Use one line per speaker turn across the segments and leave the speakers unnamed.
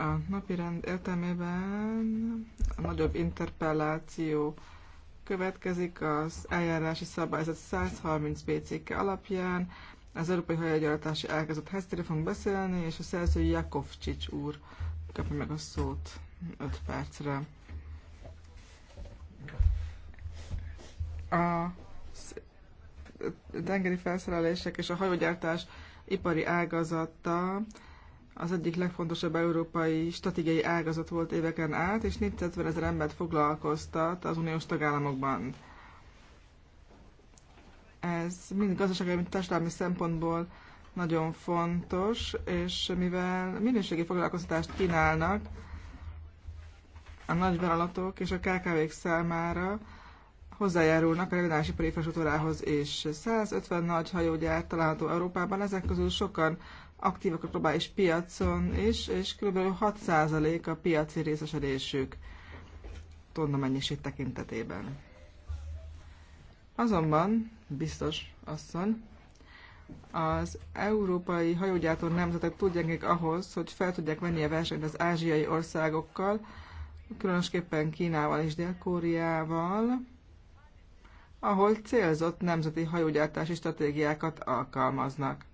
A napirend értelmében a nagyobb interpelláció következik az eljárási szabályzat 130 BCK alapján. Az Európai Hajagyartási Elkezdett Hesztére fogunk beszélni, és a szerző Jakovcsics úr kapja meg a szót 5 percre. A tengeri felszerelések és a hajógyártás ipari ágazata az egyik legfontosabb európai stratégiai ágazat volt éveken át, és 450 ezer embert foglalkoztat az uniós tagállamokban. Ez mind gazdasági, mind társadalmi szempontból nagyon fontos, és mivel minőségi foglalkoztatást kínálnak a nagyvállalatok és a KKV-k számára, hozzájárulnak a regionális ipari infrastruktúrához, és 150 nagy hajógyár található Európában, ezek közül sokan aktívak a globális piacon is, és kb. 6% a piaci részesedésük tonna mennyiség tekintetében. Azonban, biztos asszony, az európai hajógyártó nemzetek tudják ahhoz, hogy fel tudják venni a versenyt az ázsiai országokkal, különösképpen Kínával és Dél-Koreával, ahol célzott nemzeti hajógyártási stratégiákat alkalmaznak.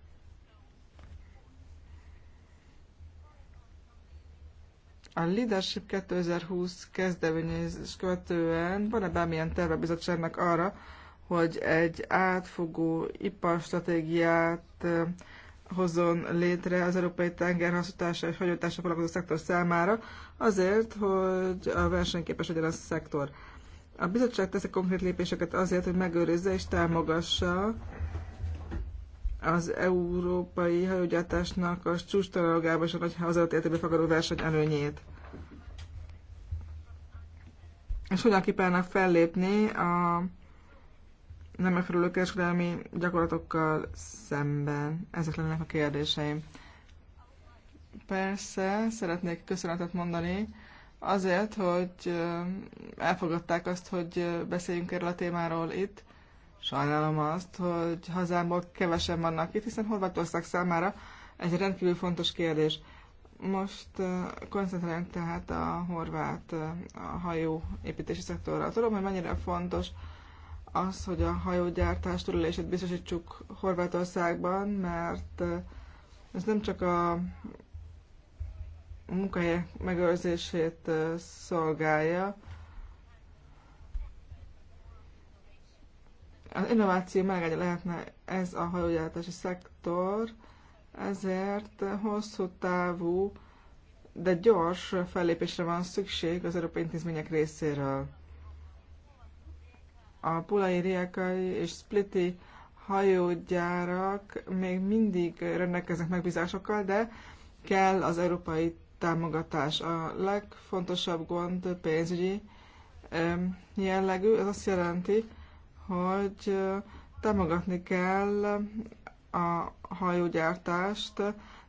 A Leadership 2020 kezdeményezés követően van-e bármilyen terve a bizottságnak arra, hogy egy átfogó iparstratégiát hozzon létre az európai tengerhasználatása és hagyótása foglalkozó szektor számára, azért, hogy a versenyképes legyen a szektor. A bizottság tesz konkrét lépéseket azért, hogy megőrizze és támogassa az európai hajógyártásnak a csúcstalálogában és a nagy hazatéletébe fakadó verseny előnyét. És hogyan kívánnak fellépni a nem megfelelő kereskedelmi gyakorlatokkal szemben? Ezek lennének a kérdéseim. Persze, szeretnék köszönetet mondani azért, hogy elfogadták azt, hogy beszéljünk erről a témáról itt. Sajnálom azt, hogy hazámból kevesen vannak itt, hiszen Horvátország számára ez egy rendkívül fontos kérdés. Most koncentráljunk tehát a horvát a hajó építési szektorra. Tudom, hogy mennyire fontos az, hogy a hajógyártás törülését biztosítsuk Horvátországban, mert ez nem csak a munkahelyek megőrzését szolgálja, Az innováció melegágya lehetne ez a hajógyártási szektor, ezért hosszú távú, de gyors fellépésre van szükség az európai intézmények részéről. A pulai, riekai és spliti hajógyárak még mindig rendelkeznek megbízásokkal, de kell az európai támogatás. A legfontosabb gond pénzügyi jellegű, ez azt jelenti, hogy támogatni kell a hajógyártást,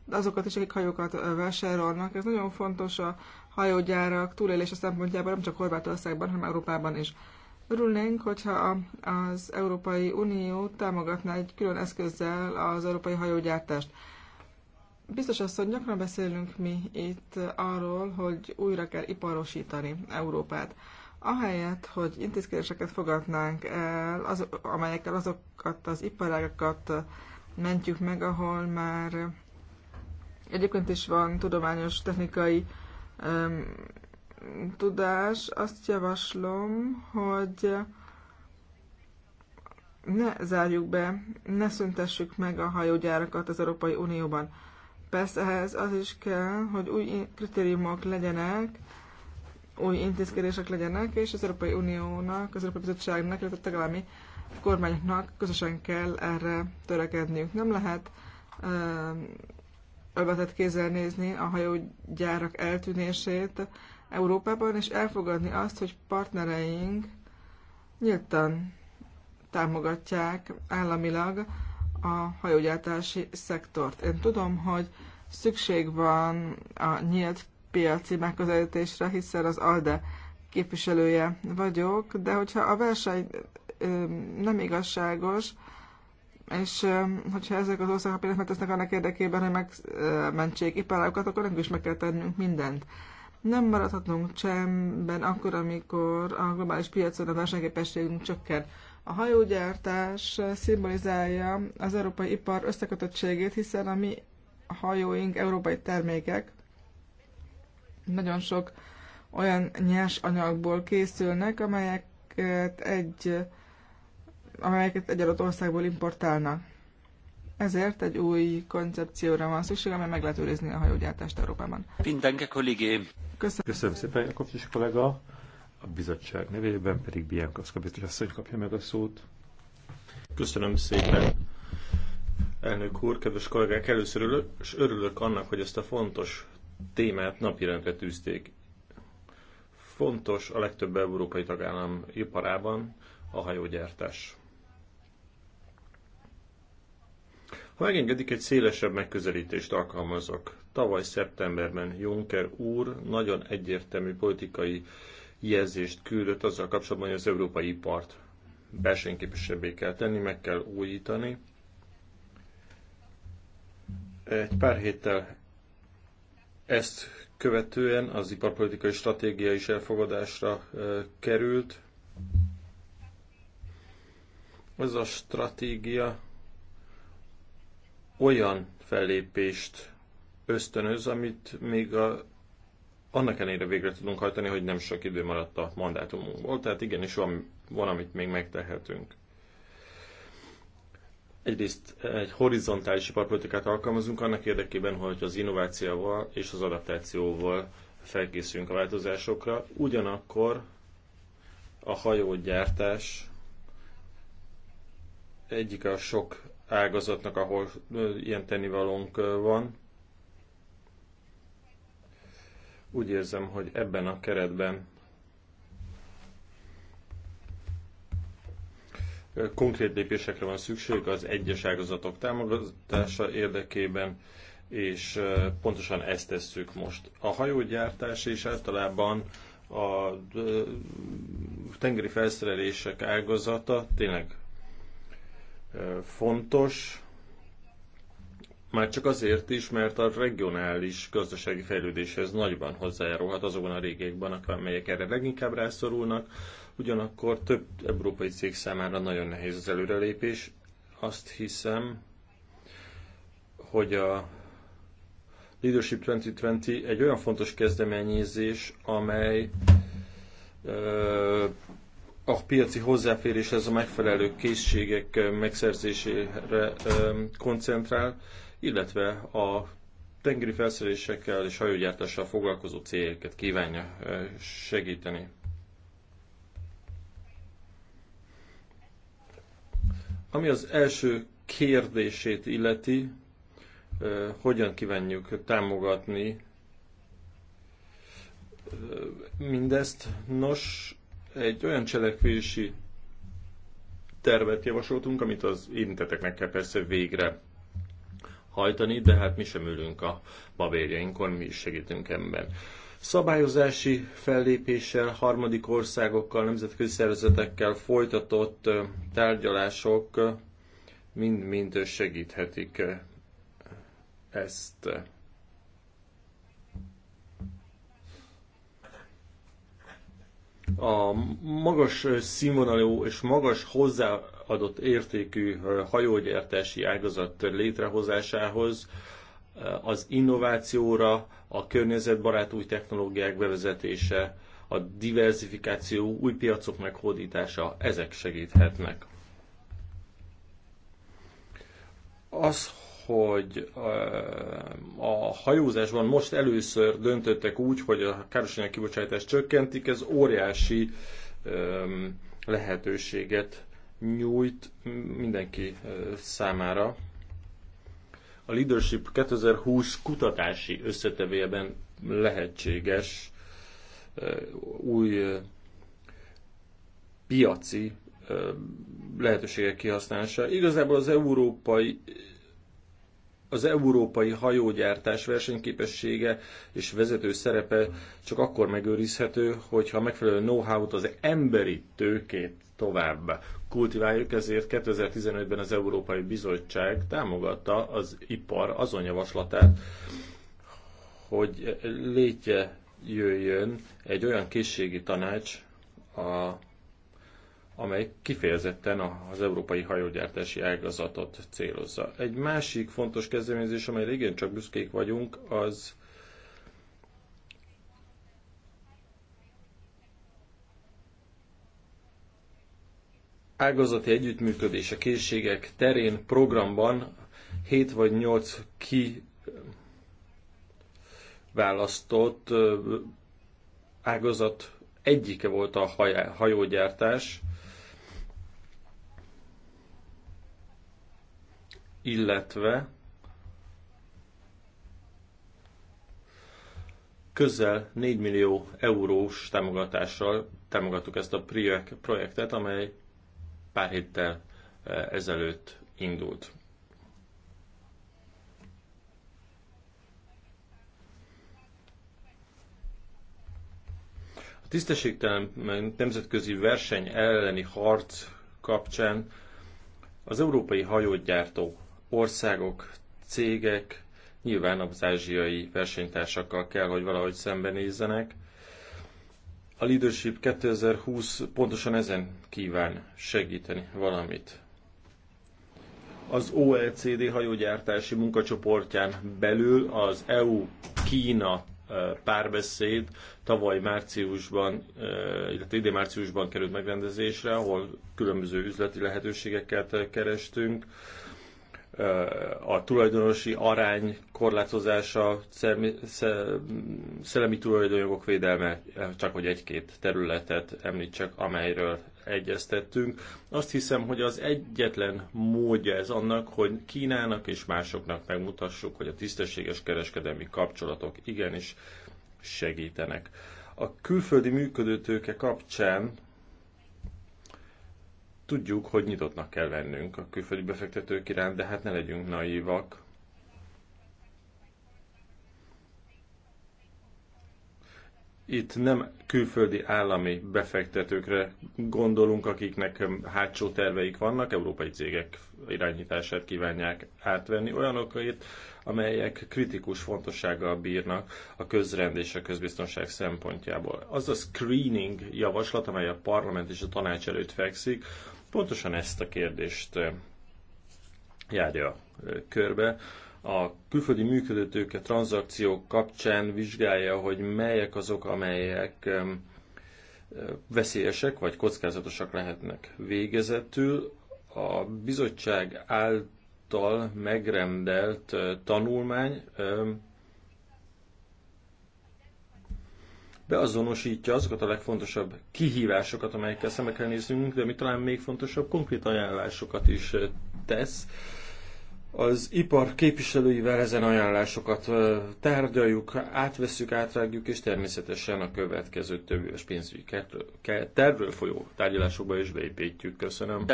azokat is, akik hajókat vásárolnak. Ez nagyon fontos a hajógyárak túlélése szempontjából, nem csak Horvátországban, hanem Európában is. Örülnénk, hogyha az Európai Unió támogatná egy külön eszközzel az európai hajógyártást. Biztos az, hogy gyakran beszélünk mi itt arról, hogy újra kell iparosítani Európát. Ahelyett, hogy intézkedéseket fogadnánk el, az, amelyekkel azokat az iparágakat mentjük meg, ahol már egyébként is van tudományos, technikai um, tudás, azt javaslom, hogy ne zárjuk be, ne szüntessük meg a hajógyárakat az Európai Unióban. Persze ehhez az is kell, hogy új kritériumok legyenek, új intézkedések legyenek, és az Európai Uniónak, az Európai Bizottságnak, illetve a tagállami kormányoknak közösen kell erre törekedniük. Nem lehet övetett kézzel nézni a hajógyárak eltűnését Európában, és elfogadni azt, hogy partnereink nyíltan támogatják államilag a hajógyártási szektort. Én tudom, hogy szükség van a nyílt piaci megközelítésre, hiszen az ALDE képviselője vagyok, de hogyha a verseny nem igazságos, és hogyha ezek az országok például megtesznek annak érdekében, hogy megmentsék iparágokat, akkor nekünk is meg kell tennünk mindent. Nem maradhatunk csemben akkor, amikor a globális piacon a versenyképességünk csökken. A hajógyártás szimbolizálja az európai ipar összekötöttségét, hiszen a mi hajóink európai termékek, nagyon sok olyan nyers anyagból készülnek, amelyeket egy, amelyeket egy adott országból importálnak. Ezért egy új koncepcióra van szükség, amely meg lehet őrizni a hajógyártást Európában.
Mindenke kollégé! Köszönöm, Köszönöm szépen, Jakab kollega! A bizottság nevében pedig Biancoszka biztos asszony kapja meg a szót. Köszönöm szépen!
Elnök úr, kedves kollégák, először örülök annak, hogy ezt a fontos témát napirendre tűzték. Fontos a legtöbb európai tagállam iparában a hajógyártás. Ha megengedik, egy szélesebb megközelítést alkalmazok. Tavaly szeptemberben Juncker úr nagyon egyértelmű politikai jelzést küldött azzal kapcsolatban, hogy az európai ipart versenyképesebbé kell tenni, meg kell újítani. Egy pár héttel ezt követően az iparpolitikai stratégia is elfogadásra került. Ez a stratégia olyan fellépést ösztönöz, amit még a, annak ellenére végre tudunk hajtani, hogy nem sok idő maradt a mandátumunkból. Tehát igenis van, van amit még megtehetünk. Egyrészt egy horizontális iparpolitikát alkalmazunk annak érdekében, hogy az innovációval és az adaptációval felkészüljünk a változásokra. Ugyanakkor a hajógyártás egyik a sok ágazatnak, ahol ilyen tennivalónk van. Úgy érzem, hogy ebben a keretben Konkrét lépésekre van szükség az egyes ágazatok támogatása érdekében, és pontosan ezt tesszük most. A hajógyártás és általában a tengeri felszerelések ágazata tényleg fontos, már csak azért is, mert a regionális gazdasági fejlődéshez nagyban hozzájárulhat azokban a régiekben, amelyek erre leginkább rászorulnak, Ugyanakkor több európai cég számára nagyon nehéz az előrelépés. Azt hiszem, hogy a Leadership 2020 egy olyan fontos kezdeményezés, amely a piaci hozzáféréshez a megfelelő készségek megszerzésére koncentrál, illetve a tengeri felszerelésekkel és hajógyártással foglalkozó cégeket kívánja segíteni. Ami az első kérdését illeti, hogyan kívánjuk támogatni mindezt. Nos, egy olyan cselekvési tervet javasoltunk, amit az érinteteknek kell persze végre hajtani, de hát mi sem ülünk a babérjainkon, mi is segítünk ebben. Szabályozási fellépéssel, harmadik országokkal, nemzetközi szervezetekkel folytatott tárgyalások mind-mind segíthetik ezt. a magas színvonalú és magas hozzáadott értékű hajógyártási ágazat létrehozásához Eh, az innovációra, a környezetbarát új technológiák bevezetése, a diversifikáció, új piacok meghódítása, ezek segíthetnek. Az, hogy eh, a hajózásban most először döntöttek úgy, hogy a károsanyag kibocsátást csökkentik, ez óriási eh, lehetőséget nyújt mindenki számára a Leadership 2020 kutatási összetevében lehetséges eh, új eh, piaci eh, lehetőségek kihasználása. Igazából az európai az európai hajógyártás versenyképessége és vezető szerepe csak akkor megőrizhető, hogyha megfelelő know-how-t, az emberi tőkét tovább kultiváljuk, ezért 2015-ben az Európai Bizottság támogatta az ipar azon javaslatát, hogy létje jöjjön egy olyan készségi tanács, a, amely kifejezetten az európai hajógyártási ágazatot célozza. Egy másik fontos kezdeményezés, amelyre igen csak büszkék vagyunk, az ágazati együttműködés a készségek terén programban 7 vagy 8 ki választott ágazat egyike volt a hajógyártás, illetve közel 4 millió eurós támogatással támogattuk ezt a projektet, amely pár héttel eh, ezelőtt indult. A tisztességtelen nemzetközi verseny elleni harc kapcsán az európai hajógyártó országok, cégek nyilván az ázsiai versenytársakkal kell, hogy valahogy szembenézzenek, a Leadership 2020 pontosan ezen kíván segíteni valamit. Az OECD hajógyártási munkacsoportján belül az EU-Kína eh, párbeszéd tavaly márciusban, eh, illetve idén márciusban került megrendezésre, ahol különböző üzleti lehetőségeket kerestünk a tulajdonosi arány korlátozása, szellemi tulajdonjogok védelme, csak hogy egy-két területet említsek, amelyről egyeztettünk. Azt hiszem, hogy az egyetlen módja ez annak, hogy Kínának és másoknak megmutassuk, hogy a tisztességes kereskedelmi kapcsolatok igenis segítenek. A külföldi működőtőke kapcsán Tudjuk, hogy nyitottnak kell lennünk a külföldi befektetők iránt, de hát ne legyünk naívak. Itt nem külföldi állami befektetőkre gondolunk, akiknek hátsó terveik vannak, európai cégek irányítását kívánják átvenni, olyanokat, amelyek kritikus fontossággal bírnak a közrend és a közbiztonság szempontjából. Az a screening javaslat, amely a parlament és a tanács előtt fekszik, Pontosan ezt a kérdést eh, járja eh, körbe. A külföldi működőtőke tranzakciók kapcsán vizsgálja, hogy melyek azok, amelyek eh, veszélyesek vagy kockázatosak lehetnek. Végezetül a bizottság által megrendelt tanulmány beazonosítja azokat a legfontosabb kihívásokat, amelyekkel szembe kell néznünk, de mi talán még fontosabb konkrét ajánlásokat is tesz. Az ipar képviselőivel ezen ajánlásokat tárgyaljuk, átveszük, átrágjuk, és természetesen a következő több éves pénzügyi tervről folyó tárgyalásokba is beépítjük. Köszönöm.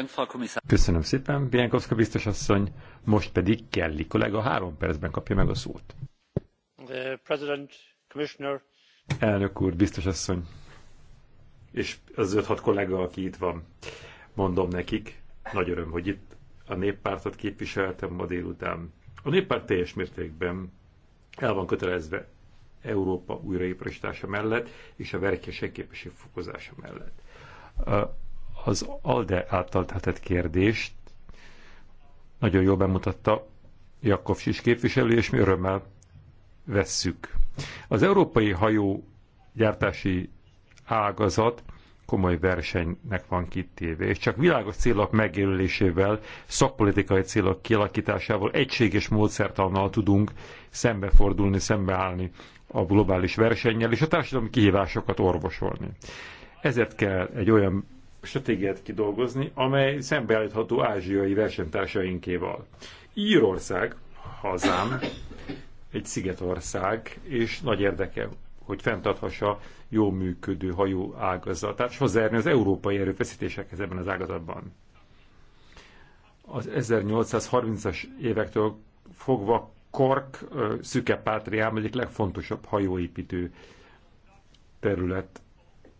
Köszönöm szépen, Bienkowska biztos asszony. Most pedig Kelly kollega három percben kapja meg a szót.
The uh, President, Commissioner,
Elnök úr, biztos asszony, és az 5-6 kollega, aki itt van, mondom nekik, nagy öröm, hogy itt a néppártot képviseltem ma délután. A néppárt teljes mértékben el van kötelezve Európa újraépresítása mellett és a verkések képesség fokozása mellett. Az ALDE által tett kérdést nagyon jól bemutatta Jakobs is képviselő, és mi örömmel vesszük az európai hajógyártási ágazat komoly versenynek van kitéve, és csak világos célok megjelölésével, szakpolitikai célok kialakításával, egységes módszertannal tudunk szembefordulni, szembeállni a globális versennyel, és a társadalmi kihívásokat orvosolni. Ezért kell egy olyan stratégiát kidolgozni, amely szembeállítható ázsiai versenytársainkéval. Írország, hazám, egy szigetország, és nagy érdeke, hogy fenntarthassa jó működő hajó ágazat. Tehát hozzájárni az európai erőfeszítésekhez ebben az ágazatban. Az 1830-as évektől fogva Kork szüke pátriám egyik legfontosabb hajóépítő terület.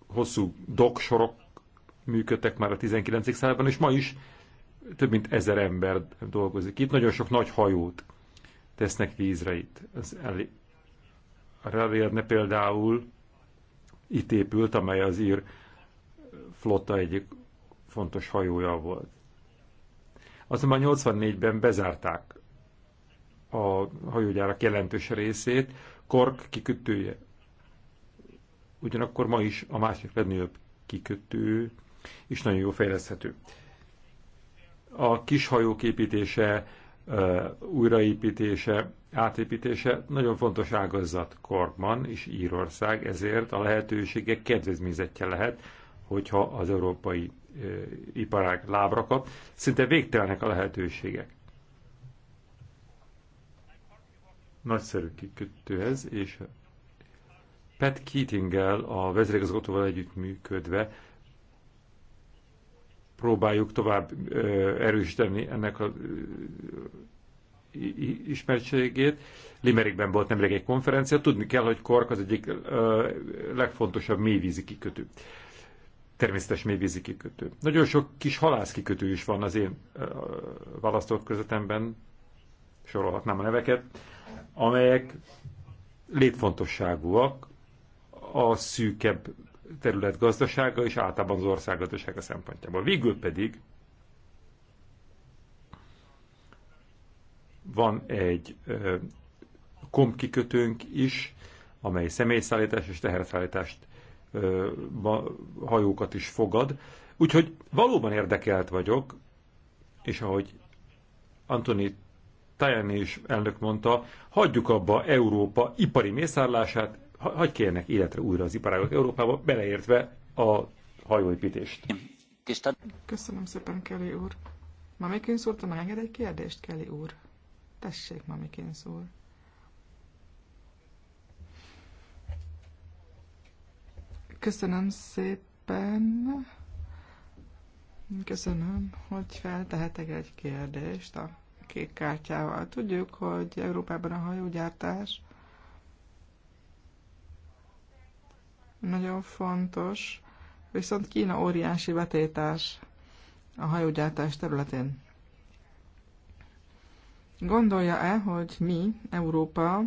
Hosszú doksorok működtek már a 19. században, és ma is több mint ezer ember dolgozik itt. Nagyon sok nagy hajót tesznek vízre itt. Az elé... A Ravérne például itt épült, amely az ír flotta egyik fontos hajója volt. Azonban 84-ben bezárták a hajógyárak jelentős részét, Kork kikötője. Ugyanakkor ma is a másik legnagyobb kikötő, és nagyon jó fejleszthető. A kis hajók építése újraépítése, átépítése nagyon fontos ágazat Korman és Írország, ezért a lehetőségek kedvezményzetje lehet, hogyha az európai iparág lábra kap. Szinte végtelenek a lehetőségek. Nagyszerű kikötőhez, és Pat Keatinggel, a vezérigazgatóval együttműködve próbáljuk tovább erősíteni ennek a ismertségét. Limerickben volt nemrég egy konferencia, tudni kell, hogy Kork az egyik legfontosabb mélyvízi kikötő. Természetes mélyvízi kikötő. Nagyon sok kis halászkikötő is van az én választott közöttemben, sorolhatnám a neveket, amelyek létfontosságúak a szűkebb terület gazdasága és általában az ország gazdasága szempontjából. Végül pedig van egy kompkikötőnk is, amely személyszállítás és teherszállítást hajókat is fogad. Úgyhogy valóban érdekelt vagyok, és ahogy Antoni Tajani is elnök mondta, hagyjuk abba Európa ipari mészárlását, hagy kérnek életre újra az iparágok Európába, beleértve a hajóépítést.
Köszönöm szépen, Kelly úr. Mamikins úr, te megenged egy kérdést, Kelly úr? Tessék, Mamikins úr. Köszönöm szépen. Köszönöm, hogy feltehetek egy kérdést a kék kártyával. Tudjuk, hogy Európában a hajógyártás nagyon fontos, viszont Kína óriási vetétás a hajógyártás területén. Gondolja-e, hogy mi, Európa,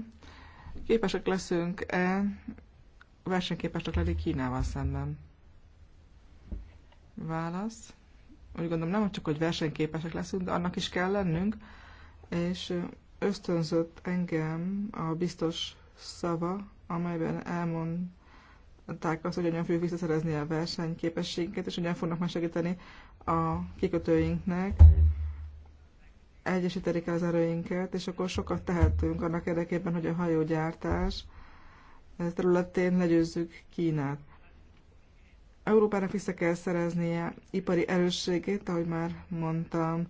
képesek leszünk-e versenyképesek lenni Kínával szemben? Válasz. Úgy gondolom nem csak, hogy versenyképesek leszünk, de annak is kell lennünk, és ösztönzött engem a biztos szava, amelyben elmond megmutatták azt, hogy hogyan fogjuk visszaszerezni a versenyképességünket, és hogyan fognak már segíteni a kikötőinknek. Egyesíteni kell az erőinket, és akkor sokat tehetünk annak érdekében, hogy a hajógyártás eh, területén legyőzzük Kínát. Európának vissza kell szereznie ipari erősségét, ahogy már mondtam,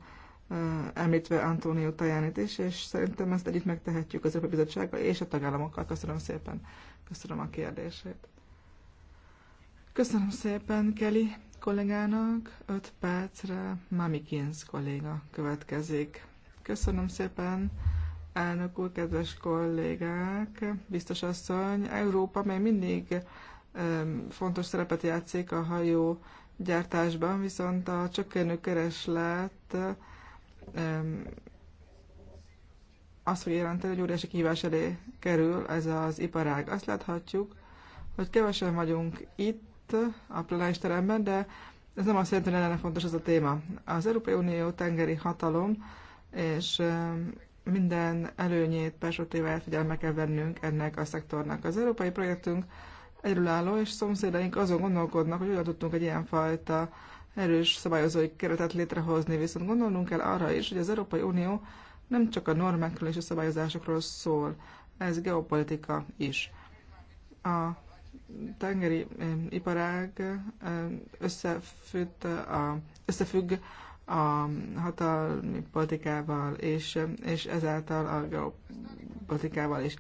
eh, említve Antonio Tajánit is, és szerintem ezt együtt megtehetjük az Európai Bizottsággal és a tagállamokkal. Köszönöm szépen, köszönöm a kérdését. Köszönöm szépen Kelly kollégának, 5 percre Mami Mamikins kolléga következik. Köszönöm szépen, elnök úr, kedves kollégák, biztos asszony, Európa még mindig fontos szerepet játszik a hajó gyártásban, viszont a csökkenő kereslet azt fog jelenteni, hogy óriási kívás elé kerül ez az iparág. Azt láthatjuk, hogy kevesen vagyunk itt, lett a plenáris teremben, de ez nem azt jelenti, hogy lenne fontos ez a téma. Az Európai Unió tengeri hatalom, és minden előnyét, perspektíváját figyelme kell vennünk ennek a szektornak. Az európai projektünk egyrülálló, és szomszédaink azon gondolkodnak, hogy hogyan tudtunk egy ilyenfajta erős szabályozói keretet létrehozni, viszont gondolnunk kell arra is, hogy az Európai Unió nem csak a normákról és a szabályozásokról szól, ez geopolitika is. A tengeri eh, iparág eh, összefügg a, összefügg a hatalmi politikával és, és ezáltal a geopolitikával is.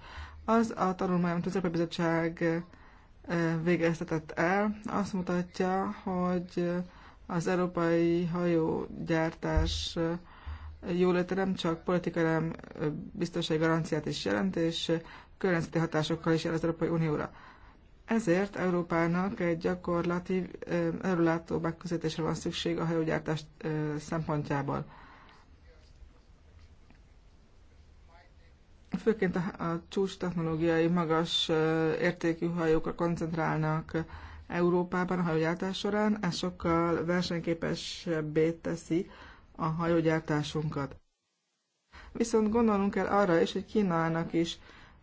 Az a tanulmány, amit az Bizottság eh, végeztetett el, azt mutatja, hogy az európai hajógyártás jóléte nem csak politikai, hanem biztonsági garanciát is jelent, és környezeti hatásokkal is jel az Európai Unióra. Ezért Európának egy gyakorlati, előlátó megközelítésre van szükség a hajógyártás szempontjából. Főként a, a csúcs technológiai magas értékű hajókra koncentrálnak Európában a hajógyártás során, ez sokkal versenyképesebbé teszi a hajógyártásunkat. Viszont gondolnunk kell arra is, hogy Kínának is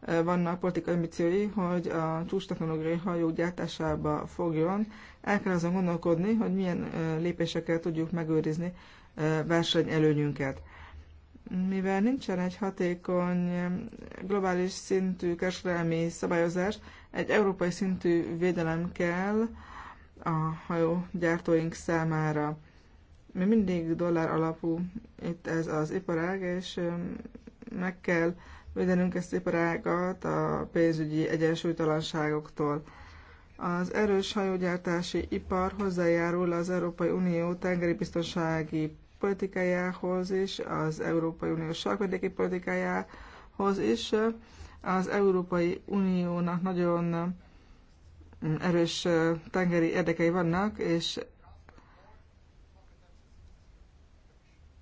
vannak politikai ambíciói, hogy a csúcs technológiai hajó gyártásába fogjon. El kell azon gondolkodni, hogy milyen lépésekkel tudjuk megőrizni versenyelőnyünket. Mivel nincsen egy hatékony globális szintű kereskedelmi szabályozás, egy európai szintű védelem kell a hajógyártóink számára. Mi mindig dollár alapú itt ez az iparág, és meg kell védenünk ezt iparágat a pénzügyi egyensúlytalanságoktól. Az erős hajógyártási ipar hozzájárul az Európai Unió tengeri biztonsági politikájához is, az Európai Unió sarkvidéki politikájához is. Az Európai Uniónak nagyon erős tengeri érdekei vannak, és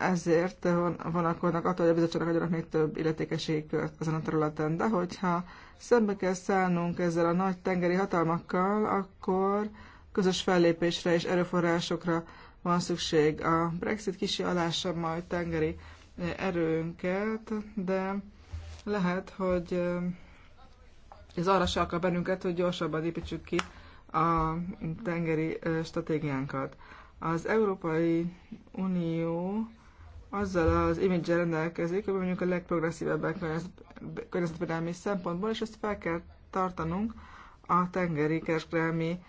ezért vonakodnak attól, hogy a bizottságnak adjanak még több illetékeségi kört ezen a területen. De hogyha szembe kell szállnunk ezzel a nagy tengeri hatalmakkal, akkor közös fellépésre és erőforrásokra van szükség. A Brexit kisi alása majd tengeri eh, erőnket, de lehet, hogy eh, ez arra se akar bennünket, hogy gyorsabban építsük ki a tengeri eh, stratégiánkat. Az Európai Unió azzal az image rendelkezik, hogy mondjuk a legprogresszívebbek környezetvédelmi szempontból, és ezt fel kell tartanunk a tengeri kereskedelmi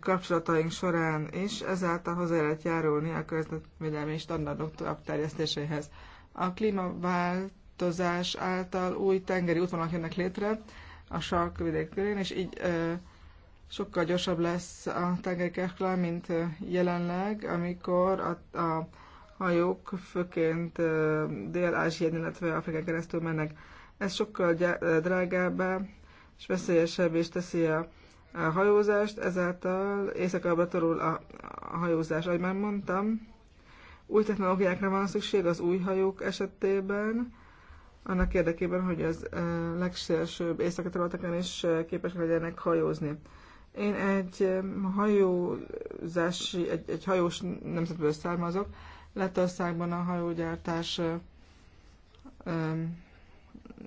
kapcsolataink során is, ezáltal hozzá lehet járulni a környezetvédelmi standardok tovább terjesztéséhez. A klímaváltozás által új tengeri útvonalak jönnek létre a sarkvidék körén, és így ö, sokkal gyorsabb lesz a tengeri kereskedelem, mint jelenleg, amikor a, a hajók főként Dél-Ázsián, illetve Afrikán keresztül mennek. Ez sokkal drágábbá és veszélyesebb is teszi a hajózást, ezáltal éjszakabbra torul a hajózás. Ahogy már mondtam, új technológiákra van szükség az új hajók esetében, annak érdekében, hogy az legsélsőbb északi területeken is képesek legyenek hajózni. Én egy hajózási, egy, egy hajós nemzetből származok, Lettországban a hajógyártás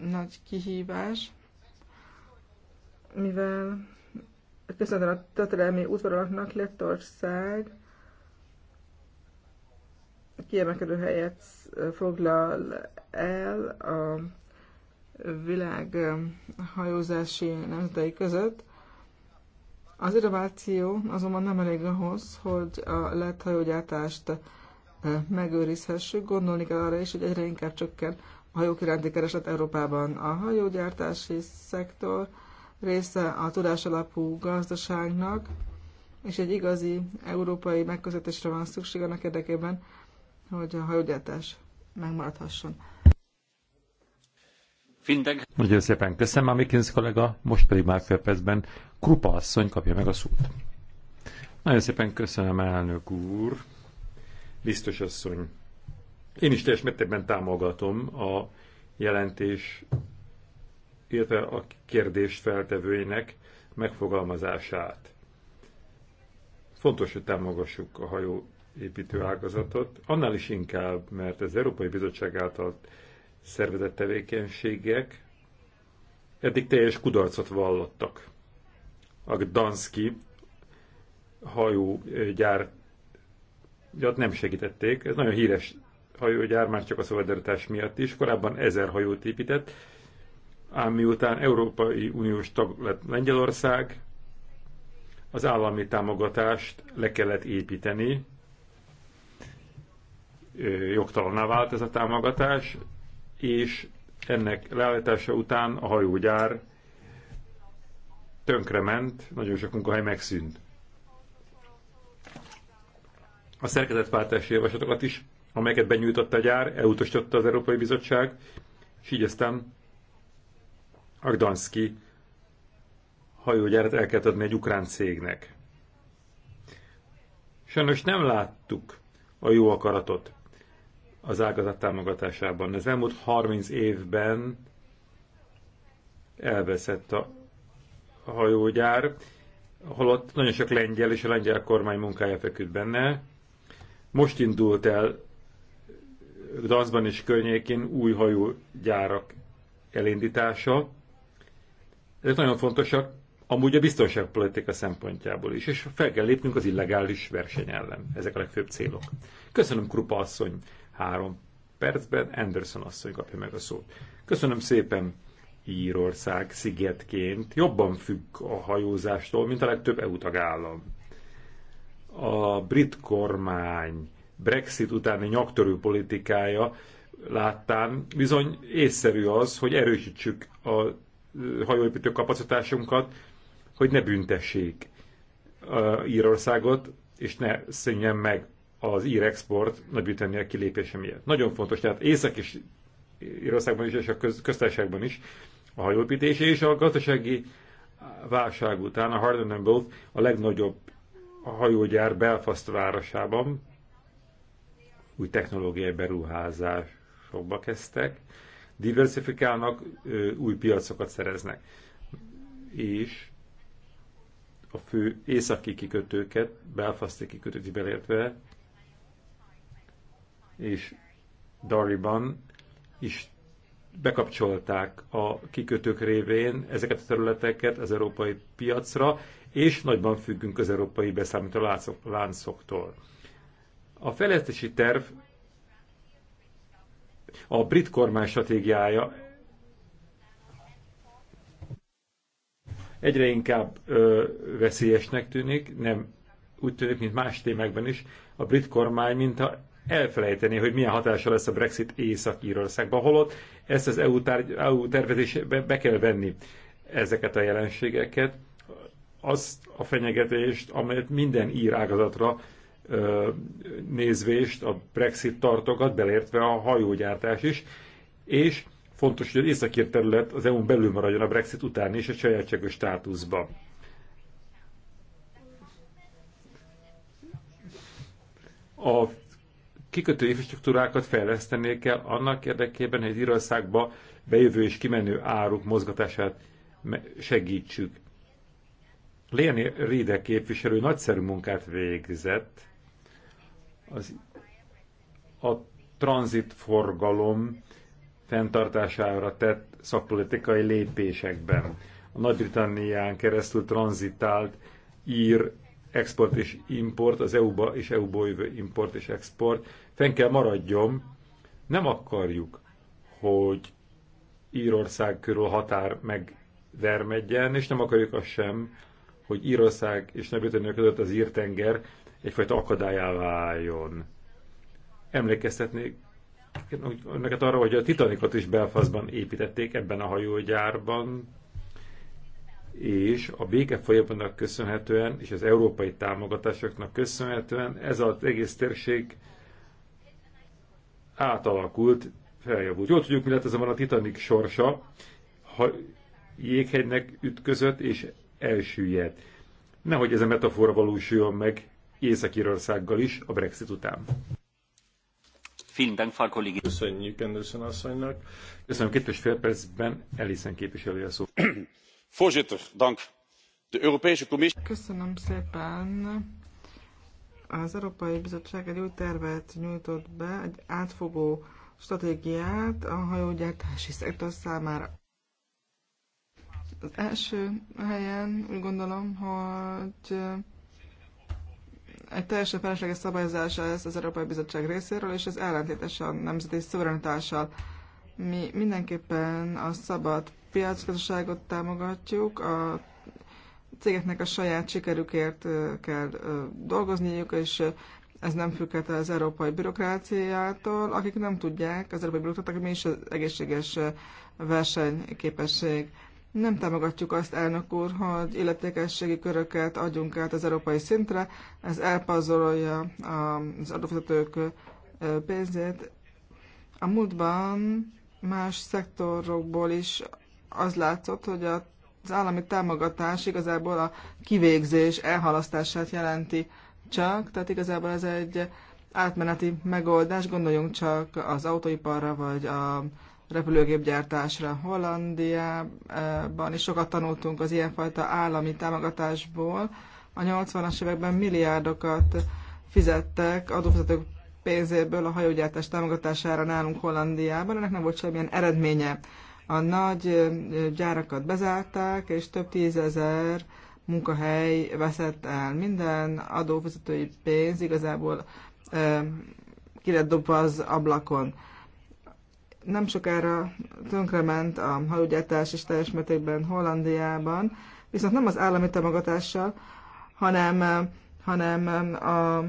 nagy kihívás, mivel köszönöm a történelmi útvonalaknak Lettország kiemelkedő helyet foglal el a világ hajózási nemzetei között. Az innováció azonban nem elég ahhoz, hogy a lett hajógyártást megőrizhessük. Gondolni kell arra is, hogy egyre inkább csökken a hajók iránti kereslet Európában. A hajógyártási szektor része a tudásalapú gazdaságnak, és egy igazi európai megközelítésre van szükség annak érdekében, hogy a hajógyártás megmaradhasson.
Nagyon szépen köszönöm, Amikinsz kollega, most pedig már fél percben Krupa asszony kapja meg a szót. Nagyon szépen köszönöm, elnök úr. Biztos asszony, én is teljes mértékben támogatom a jelentés, illetve a kérdés feltevőinek megfogalmazását. Fontos, hogy támogassuk a hajóépítő ágazatot, annál is inkább, mert az Európai Bizottság által szervezett tevékenységek eddig teljes kudarcot vallottak. A Gdanski hajógyár ott nem segítették. Ez nagyon híres hajógyár, már csak a szolidaritás miatt is. Korábban ezer hajót épített, ám miután Európai Uniós tag lett Lengyelország, az állami támogatást le kellett építeni, Jogtalaná vált ez a támogatás, és ennek leállítása után a hajógyár tönkrement, nagyon sok munkahely megszűnt a szerkezetváltási javaslatokat is, amelyeket benyújtott a gyár, elutasította az Európai Bizottság, és így aztán Agdanszki hajógyárat el kellett adni egy ukrán cégnek. Sajnos nem láttuk a jó akaratot az ágazat támogatásában. Az elmúlt 30 évben elveszett a hajógyár, holott nagyon sok lengyel és a lengyel kormány munkája feküdt benne, most indult el Gdanszban és környékén új hajógyárak elindítása. Ezek nagyon fontosak, amúgy a biztonságpolitika szempontjából is, és fel kell lépnünk az illegális verseny ellen. Ezek a legfőbb célok. Köszönöm, Krupa asszony, három percben Anderson asszony kapja meg a szót. Köszönöm szépen, Írország szigetként jobban függ a hajózástól, mint a legtöbb EU tagállam a brit kormány Brexit utáni nyaktörő politikája láttán bizony észszerű az, hogy erősítsük a hajóépítő kapacitásunkat, hogy ne büntessék Írországot, és ne szűnjen meg az ír export Nagy-Britannia kilépése miatt. Nagyon fontos, tehát Észak és Írországban is, és a köztársaságban is a hajóépítés és a gazdasági válság után a Harden Both a legnagyobb a hajógyár Belfast városában új technológiai beruházásokba kezdtek, diversifikálnak, új piacokat szereznek. És a fő északi kikötőket, Belfasti kikötőt belértve, és Dariban is bekapcsolták a kikötők révén ezeket a területeket az európai piacra, és nagyban függünk az európai beszámító láncoktól. A fejlesztési terv a brit kormány stratégiája egyre inkább ö, veszélyesnek tűnik, nem úgy tűnik, mint más témákban is. A brit kormány, mintha elfelejteni, hogy milyen hatása lesz a Brexit Észak-Írországban, holott ezt az EU, tárgy, EU tervezésbe be kell venni ezeket a jelenségeket azt a fenyegetést, amelyet minden írágazatra nézvést, a Brexit tartogat, beleértve a hajógyártás is, és fontos, hogy az északír terület az EU-n belül maradjon a Brexit után is a sajátságos státuszba. A kikötő infrastruktúrákat fejleszteni kell annak érdekében, hogy Írországba bejövő és kimenő áruk mozgatását segítsük. Léni Réde képviselő nagyszerű munkát végzett az, a tranzitforgalom fenntartására tett szakpolitikai lépésekben. A Nagy-Britannián keresztül tranzitált ír export és import, az EU-ba és EU-ból jövő import és export. Fenn kell maradjon, nem akarjuk, hogy Írország körül határ megvermedjen, és nem akarjuk azt sem, hogy Írország és Nagy-Britannia között az Írtenger egyfajta akadályá váljon. Emlékeztetnék önöket arra, hogy a Titanicot is Belfastban építették ebben a hajógyárban, és a béke folyamatnak köszönhetően, és az európai támogatásoknak köszönhetően ez az egész térség átalakult, feljavult. Jól tudjuk, mi lett ez a Titanic sorsa, ha jéghegynek ütközött, és elsüllyed. Nehogy ez a metafora valósuljon meg Észak-Írországgal is a Brexit után.
Köszönjük Anderson asszonynak.
Köszönöm, két és fél percben Elisen képviselője szó. Voorzitter, dank.
Köszönöm szépen. Az Európai Bizottság egy új tervet nyújtott be, egy átfogó stratégiát a hajógyártási szektor számára. Az első helyen úgy gondolom, hogy egy teljesen felesleges szabályozása ez az Európai Bizottság részéről, és ez ellentétes a nemzeti szuverenitással. Mi mindenképpen a szabad piacgazdaságot támogatjuk, a cégeknek a saját sikerükért kell dolgozniuk, és ez nem függhet az európai bürokráciától, akik nem tudják, az európai bürokraták, mi is az egészséges versenyképesség. Nem támogatjuk azt, elnök úr, hogy illetékességi köröket adjunk át az európai szintre, ez elpazarolja az adófizetők pénzét. A múltban más szektorokból is az látszott, hogy az állami támogatás igazából a kivégzés elhalasztását jelenti csak, tehát igazából ez egy átmeneti megoldás, gondoljunk csak az autóiparra vagy a repülőgépgyártásra. Hollandiában is sokat tanultunk az ilyenfajta állami támogatásból. A 80-as években milliárdokat fizettek adófizetők pénzéből a hajógyártás támogatására nálunk Hollandiában, ennek nem volt semmilyen eredménye. A nagy gyárakat bezárták, és több tízezer munkahely veszett el. Minden adófizetői pénz igazából eh, ki lett dobva az ablakon nem sokára tönkrement a hajógyártás is teljes mértékben Hollandiában, viszont nem az állami támogatással, hanem, hanem a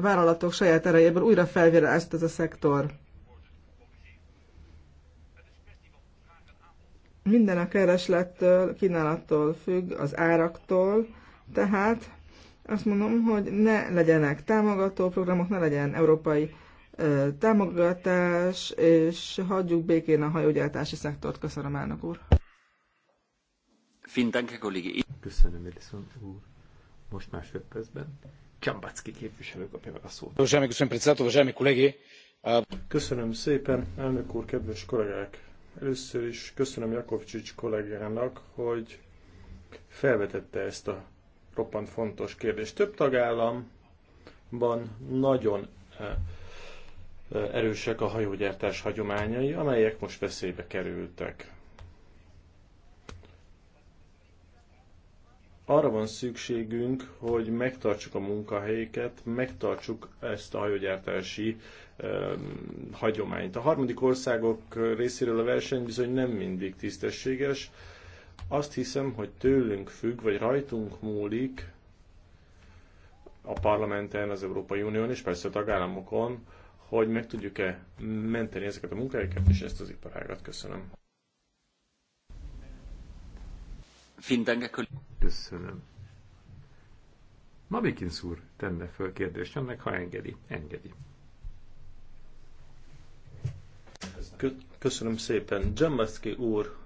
vállalatok saját erejéből újra felvirázt ez a szektor. Minden a kereslettől, kínálattól függ, az áraktól, tehát azt mondom, hogy ne legyenek támogató programok, ne legyen európai uh, támogatás, és hagyjuk békén a hajógyártási szektort. Köszönöm, elnök úr.
Köszönöm, Edison úr. Most már percben.
Csambacki képviselő kapja meg a
szót.
Köszönöm szépen, elnök úr, kedves kollégák! Először is köszönöm Jakovcsics kollégának, hogy felvetette ezt a roppant fontos kérdést. Több tagállamban nagyon eh, erősek a hajógyártás hagyományai, amelyek most veszélybe kerültek. Arra van szükségünk, hogy megtartsuk a munkahelyeket, megtartsuk ezt a hajógyártási hagyományt. A harmadik országok részéről a verseny bizony nem mindig tisztességes. Azt hiszem, hogy tőlünk függ, vagy rajtunk múlik a parlamenten, az Európai Unión és persze a tagállamokon, hogy meg tudjuk-e menteni ezeket a munkahelyeket és ezt az iparágat. Köszönöm. Köszönöm.
Mabikins úr tenne föl kérdést ennek, ha engedi. Engedi.
Köszönöm szépen. Dzsambaszki úr,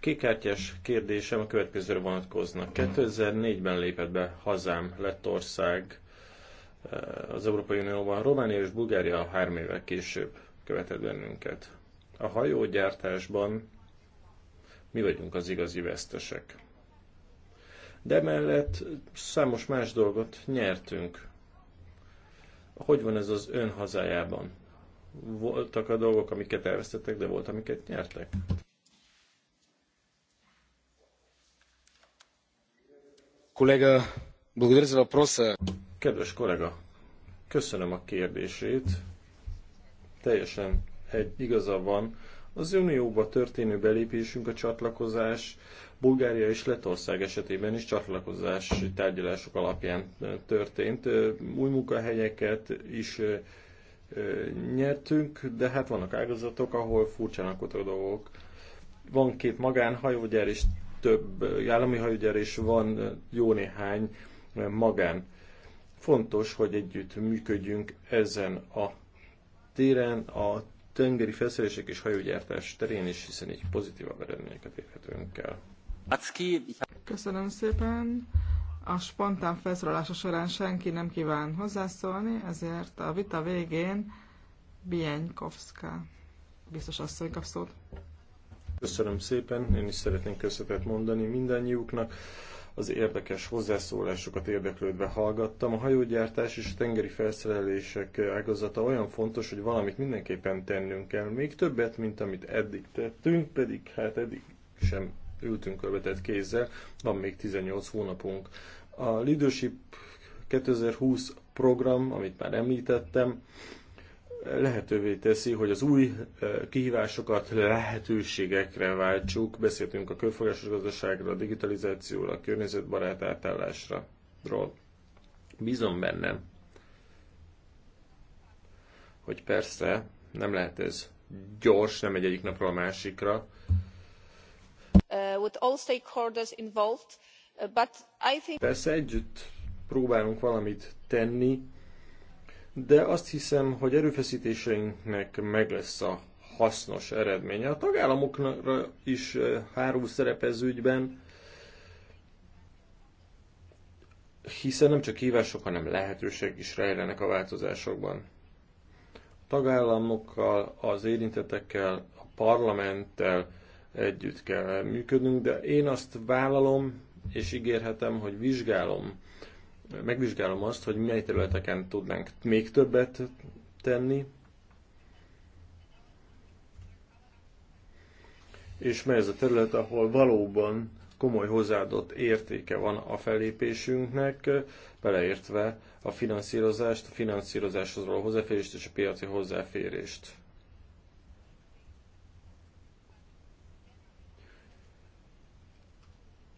kékártyás kérdésem a következőre vonatkoznak. Mhm. 2004-ben lépett be hazám Lettország Eh, az Európai Unióban. Románia és Bulgária három évvel később követett bennünket. A hajógyártásban mi vagyunk az igazi vesztesek. De mellett számos más dolgot nyertünk. Hogy van ez az ön hazájában? Voltak a dolgok, amiket elvesztettek, de volt, amiket nyertek? Kollega, благодаря за въпроса. Kedves kollega, köszönöm a kérdését. Teljesen egy igaza van. Az Unióba történő belépésünk a csatlakozás Bulgária és Letország esetében is csatlakozási tárgyalások alapján történt. Új munkahelyeket is nyertünk, de hát vannak ágazatok, ahol furcsának ott a dolgok. Van két magánhajógyár és több állami hajógyár, és van jó néhány magán Fontos, hogy együtt működjünk ezen a téren, a tengeri felszerelések és hajógyártás terén is, hiszen így pozitívabb eredményeket érhetünk el.
Köszönöm szépen! A spontán felszólalása során senki nem kíván hozzászólni, ezért a vita végén Bienkowska biztos asszony kap szót.
Köszönöm szépen, én is szeretnék köszönetet mondani mindannyiuknak az érdekes hozzászólásokat érdeklődve hallgattam. A hajógyártás és a tengeri felszerelések ágazata olyan fontos, hogy valamit mindenképpen tennünk kell. Még többet, mint amit eddig tettünk, pedig hát eddig sem ültünk követett kézzel, van még 18 hónapunk. A Leadership 2020 program, amit már említettem, lehetővé teszi, hogy az új kihívásokat lehetőségekre váltsuk. Beszéltünk a körforgásos gazdaságra, a digitalizációra, a környezetbarát átállásra. Ról. Bízom benne, hogy persze nem lehet ez gyors, nem egy egyik napról a másikra. Uh, with all stakeholders involved,
uh, but I think... Persze
együtt próbálunk valamit tenni, de azt hiszem, hogy erőfeszítéseinknek meg lesz a hasznos eredménye. A tagállamokra is eh, hárul szerep ügyben, hiszen nem csak hívások, hanem lehetőség is rejlenek a változásokban. A tagállamokkal, az érintetekkel, a parlamenttel együtt kell működnünk, de én azt vállalom és ígérhetem, hogy vizsgálom megvizsgálom azt, hogy mely területeken tudnánk még többet tenni, és mely ez a terület, ahol valóban komoly hozzáadott értéke van a felépésünknek, beleértve a finanszírozást, a finanszírozáshoz való hozzáférést és a piaci hozzáférést.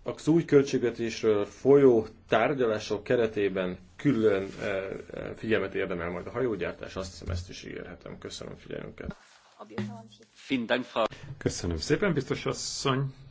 a új költségvetésről folyó tárgyalások keretében külön eh, eh, figyelmet érdemel majd a hajógyártás, azt hiszem ezt is ígérhetem. Köszönöm figyelmüket.
Köszönöm szépen,
biztos asszony.